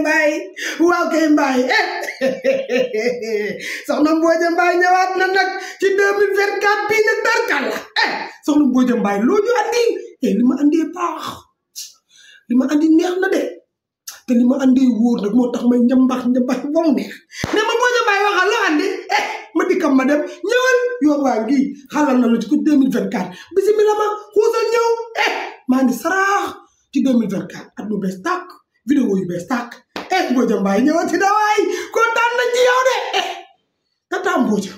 mbaay waaw kay mbaay soxna Mbodia Mbaay ñëwaat na nag ci 2024 bii nag tarkal la eh soxna Mbodia Mbaay loo ñu andi eh li ma andee baax li ma andi neex na de te li ma andee wóor nag moo tax may njambax njambax ba mu neex ne ma Mbodia Mbaay waxal loo andi eh ma dikkam ma dem ñëwal yoon waa ngi xalal na la ci ko 2024 bisimilah ma xuusal ñëw eh maa ngi saraax ci 2024 at mu bees tàkk vidéo yu bees tàkk eh Mbodia Mbaye ñëwati na waay kontaan nañ de eh, tata Mbodia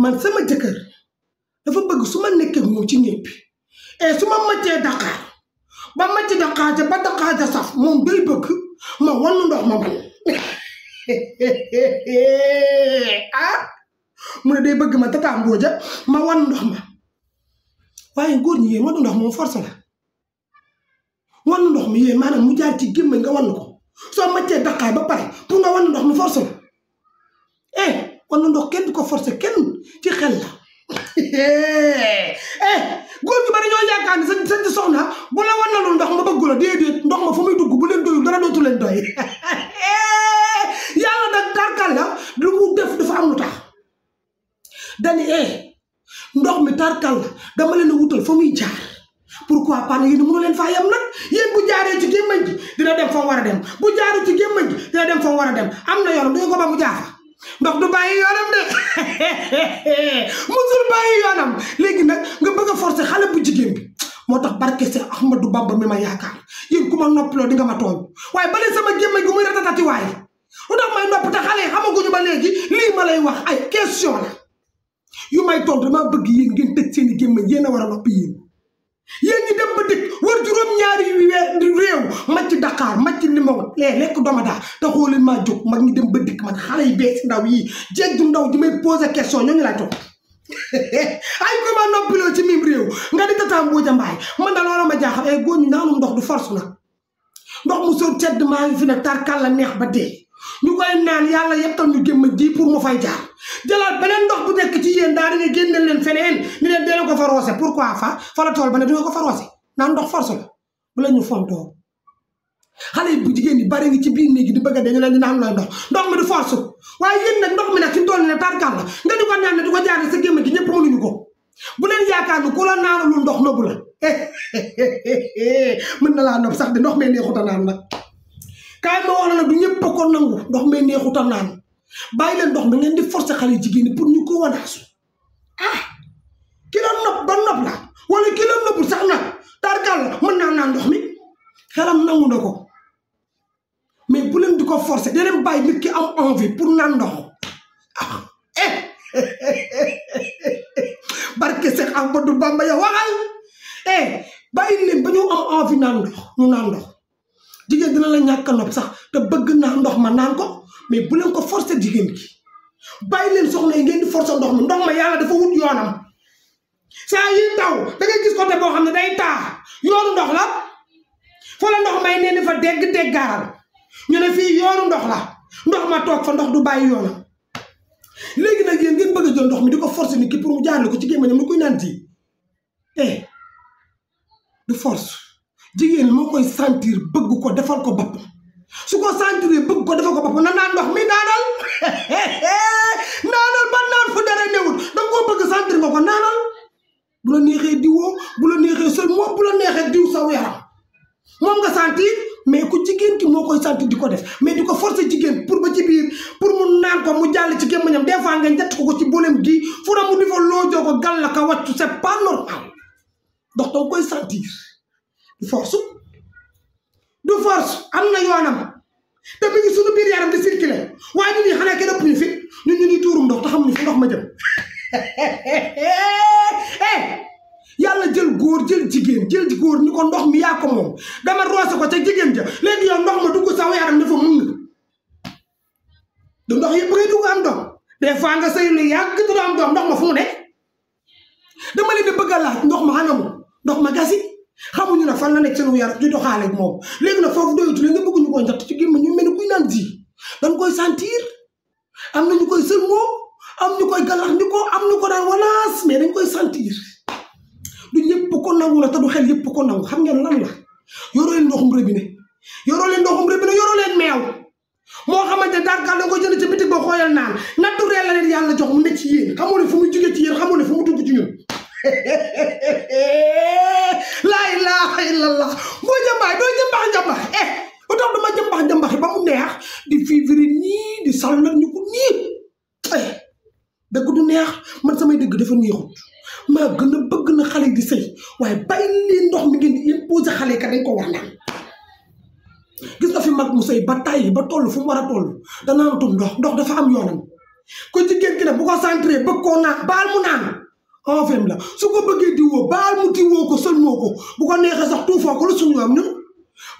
man sama jëkkër dafa bëgg su ma nekkee moom ci néeg bi eh su ma màccee Dakar ba màcc Dakar ja ba Dakar ja saf moom day bëgg ma wan ndox ma bañ ah mu ne day bëgg ma tata Mbodia ma wan ndox ma waaye góor ñi yéen wan ndox la. wann ndox mi yooyu maanaam mu jaar ci gémmañ nga wann ko soo màccee daqaay ba pare pour nga wann ndox mi force la eh wann ndox kenn du ko forcer kenn ci xel la eh góor ñu bari ñoo yaakaar ni soxna bu la wannalul ndox ma bëggu la déedéet ndox ma fu muy dugg bu leen doyul dara dootu leen eh, nag tarkal la dafa am lu dani eh ndox mi tarkal la dama leen a wutal fa muy jaar pourquoi pas yéen mënu leen faa yem nag yéen bu jaaree ci gémmañ ji dina dem fa mu dem bu jaaree ci gémmañ ji dina dem fa mu a dem am na yoonam du ko ba mu jaar fa ndox du yoonam de léegi nag nga bëgg a forcer xale bu jigéen bi moo tax barke Seex Ahmadou Bamba mi ma yaakaar yéen ku ma noppaloo di nga ma tooñ waaye ba sama gémmañ gu muy ratatati waaye lu tax may nopp te xale yi xamaguñu ba léegi lii ma lay wax ay question la yu may tontu dama bëgg yéen ngeen tëj seen i gémmañ yéen a war a noppi yéen ma dëkk war juróom-ñaari réew macc Dakar macc Limon lee lekk doma daa te xooleen maa jóg mag ñi dem ba dëkk mag xale yi bees ndaw yi jeeg du ndaw di may poser question ñooñu laay toog ay ko ma noppiloo ci mim réew nga di tataa Mbodia Mbaay man da loola ma jaaxal ay góor ñu naanum ndox du force nag ndox mu soo tedd maa ngi fi ne tarkal la neex ba dee ñu koy naan yàlla yettal ñu gémma ji pour mu fay jaar jëlaat beneen ndox bu nekk ci yéen daal di génneel leen feneen ni leen dee ko fa roose pourquoi fa fa la tool ba ne du nga ko fa roose naan ndox force bu la ñu fontoo xale yi bu jigéen ñi bari ngi ci biir néegi di a dañu leen di naan looy ndox ndox mi du force waaye yéen nag ndox mi ne tarkal la nga di ko naan ne di ko bu leen yaakaar ne ku la naanalul ndox nobu la mën na laa nob sax di ndox mee neexuta naan nag kaay ma wax la na ñëpp a ko ndox mee neexuta naan bàyyi leen ndox mi ngeen di forcer xale yi jigéen ñi pour ñu ko wanaasu xelam nangu na ko mais bu leen di ko forcer da leen bàyyi nit ki am envie pour naan ndox ah eh, eh, eh, barke Seex Ahmadu Bamba ya waxal eh bàyyi leen ba ñu am envie naan ndox ñu naan ndox jigéen dina la ñàkk a nopp sax te bëgg naa ndox ma naan ko mais bu leen ko forcer jigéen gi bàyyi leen soxna yi ngeen di forcer ndox mi ndox ma yàlla dafa wut yoonam saa yi taw da ngay gis côté boo xam ne day taa yoonu ndox la. fa la ndox may nee ni fa dégg déggaaral ñu ne fii yoonu ndox la ndox ma toog fa ndox du bàyyi yoonam léegi nag yéen ngeen bëgg a jël ndox mi di ko force ni ki pour ko ci gémmiñam ni koy naan tii eh, jigéen moo koy sentir bëgg ko defal ko bopp su ko sentir bëgg ko defal ko bopp na naan ndox mi naanal naanal ba naan fu dara newul da koo bëgg sentir nga ko naanal bu la neexee diwoo bu la neexee sol moom bu la neexee diw sa yaram sentir mais ku jigéen ki moo koy sentir di ko def mais di ko forcer jigéen pour ba ci biir pour mu naan ko mu jàll ci gémmiñam des fois nga njatt ko ko ci boolem gi fu na mu di fa loojoo ko gàll ka wàccu c'est pas normal ndox doo koy sentir du force du force am na yoonam te mi ngi suñu biir yaram di circuler waaye ñu ni xanaa kenn ëpp ñu fi ñun ñu ni tuurum ndox te xamuñu fi ndox ma jëm ko ndox mi yaa ko moom dama roose ko ca jigéen ja léegi yow ndox ma dugg saw yaram dafa mung du ndox yëpp ngay dugg am doom des fois nga sëy lu yàgg te doo am doom ndox ma fu mu ne dama leen di ndox ma xanamu ndox ma ne fan la nekk seen yaram di doxaale ak moom léegi nag foofu doyutu la nga bëgg ñu koy njott ci gémma ñu mel ni kuy naan ji dañ koy sentir am na ñu koy sëlmoo am ñu koy galax ni ko am ñu ko daan walaas mais dañ koy sentir nangu la te du xel yëpp ko nangu xam ngeen lan la yoroo leen ndoxum robinet yoroo leen ndoxum robinet yoroo leen meew moo xamante darkaal la nga koy jënd ci bitig ba xooyal naan naturel la leen yàlla jox mu ne ci yéen xamoo ne fu muy jóge ci yéen xamoo ne fu mu dugg ci ñun laa ilaha illallah boo jëmbaay doo jëmbax jëmbax eh ba mu neex di fiivri nii di sàllar ñu ko nii eh dëgg du neex man samay dëgg dafa neexut maa gën a bëgg na xale di sëy waaye ndox mi ngeen di imposé xale yi kat ko war naan gis nga fi mag mu sëy ba tàyyi ba toll fu mu war a toll danaanatul ndox ndox dafa am yoonam ko bu ko centré bëgg koo naan baal mu naan su ko bëggee di ko sëlmoo ko bu ko neexee sax tuufoo ko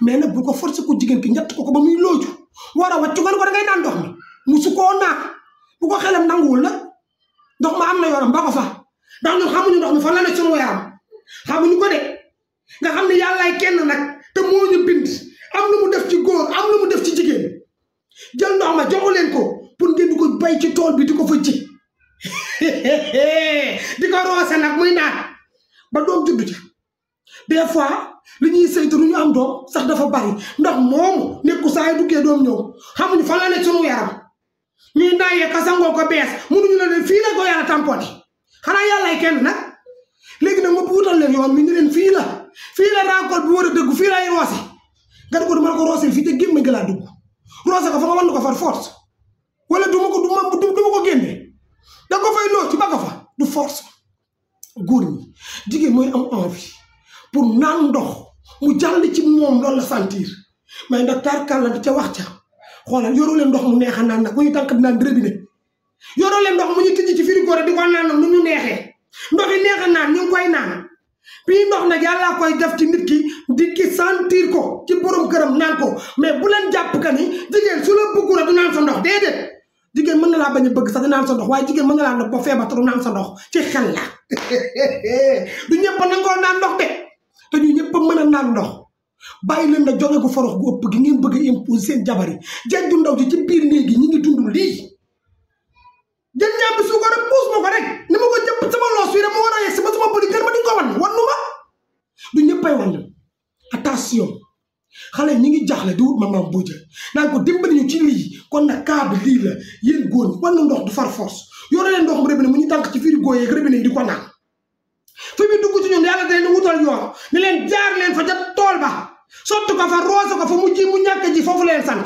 mais nag bu ko forcé ko jigéen ki ñett ko ba muy looju war a wàccu ko da ngay ndox mu su koo naan bu la ndox ma am na yoonam ba ko fa ndax ñun xamuñu ndox mi fan la ne suñu yaram xamuñu ko de nga xam ne yàllaay kenn nag te moo ñu bind am lu mu def ci góor am lu mu def ci jigéen jël ndox ma joxu leen ko pour ngeen di ko bay ci tool bi di ko fa ji di ko roose nag muy naan ba doom juddu ca des fois li ñuy saytu lu ñu am doom sax dafa bari ndax moomu nekku saa yu duggee doom ñëw xamuñu fan la ne sunu yaram ñuy naayee kasangoo ko bees mënuñu la ne fii la ko yàlla tamponé xanaa yàllaay kenn nag. léegi nag ma puutal leen yoon mi ni leen fii la fii la rencontre bi war a dëgg fii laay roose nga ne ko ma ko rooseel fii te gémmiñ gi laa dugg roose ko fa nga wan ko far force wala du ma ko du ma du ma ko génne da ko fay loo ci ba fa du force góor ñi mooy am envie pour naan ndox mu jàll ci moom loolu la sentir mais nag tarkal la ca wax ca xoolal yoroo leen ndox mu neexa naan na mu ñu tànk di naan robinet yoroo leen ndox mu ñu tijji ci frigo di ko naan nu ñu neexee ndox i neex a naan ñu ngi koy naan bii ndox nag yàllaa koy def ci nit ki di ki sentir ko ci borom këram naan ko mais bu leen jàpp ka ni jigéen su la bëggul du naan sa ndox déedéet jigéen mën na laa bañ a bëgg sax di naan sa ndox waaye jigéen mën na laa ndox ba feebar te du naan sa ndox ci xel la du ñëpp a naan ndox de te ñu ñëpp a mën a naan ndox bàyyi leen na joge ko forox gu ëpp gi ngeen bëgg a imposer seen jabar yi jeeg ju ndaw ji ci biir néeg gi ñi ngi dund lii jël ñaar bi suukar rek puus ma ko rek ni ma ko jëpp sama loos wi rek ma war a yegg sama sama bëri kër ma di ko wan wan nu ma du ñëppay wan attention xale ñi ngi jaaxle di wut maman Boudia naan ko dimbali ñu ci lii kon na kaa bi lii la yéen góor ñi wàllu ndox du far force yore leen ndox mu robinet mu ñu tànk ci frigo yeeg robinet yi di ko naan fi mu dugg ci ñu yàlla da leen wutal yoon ne leen jaar leen fa ja tool ba sotti ko fa roose ko fa mu ji mu ñàkk ji foofu leen sant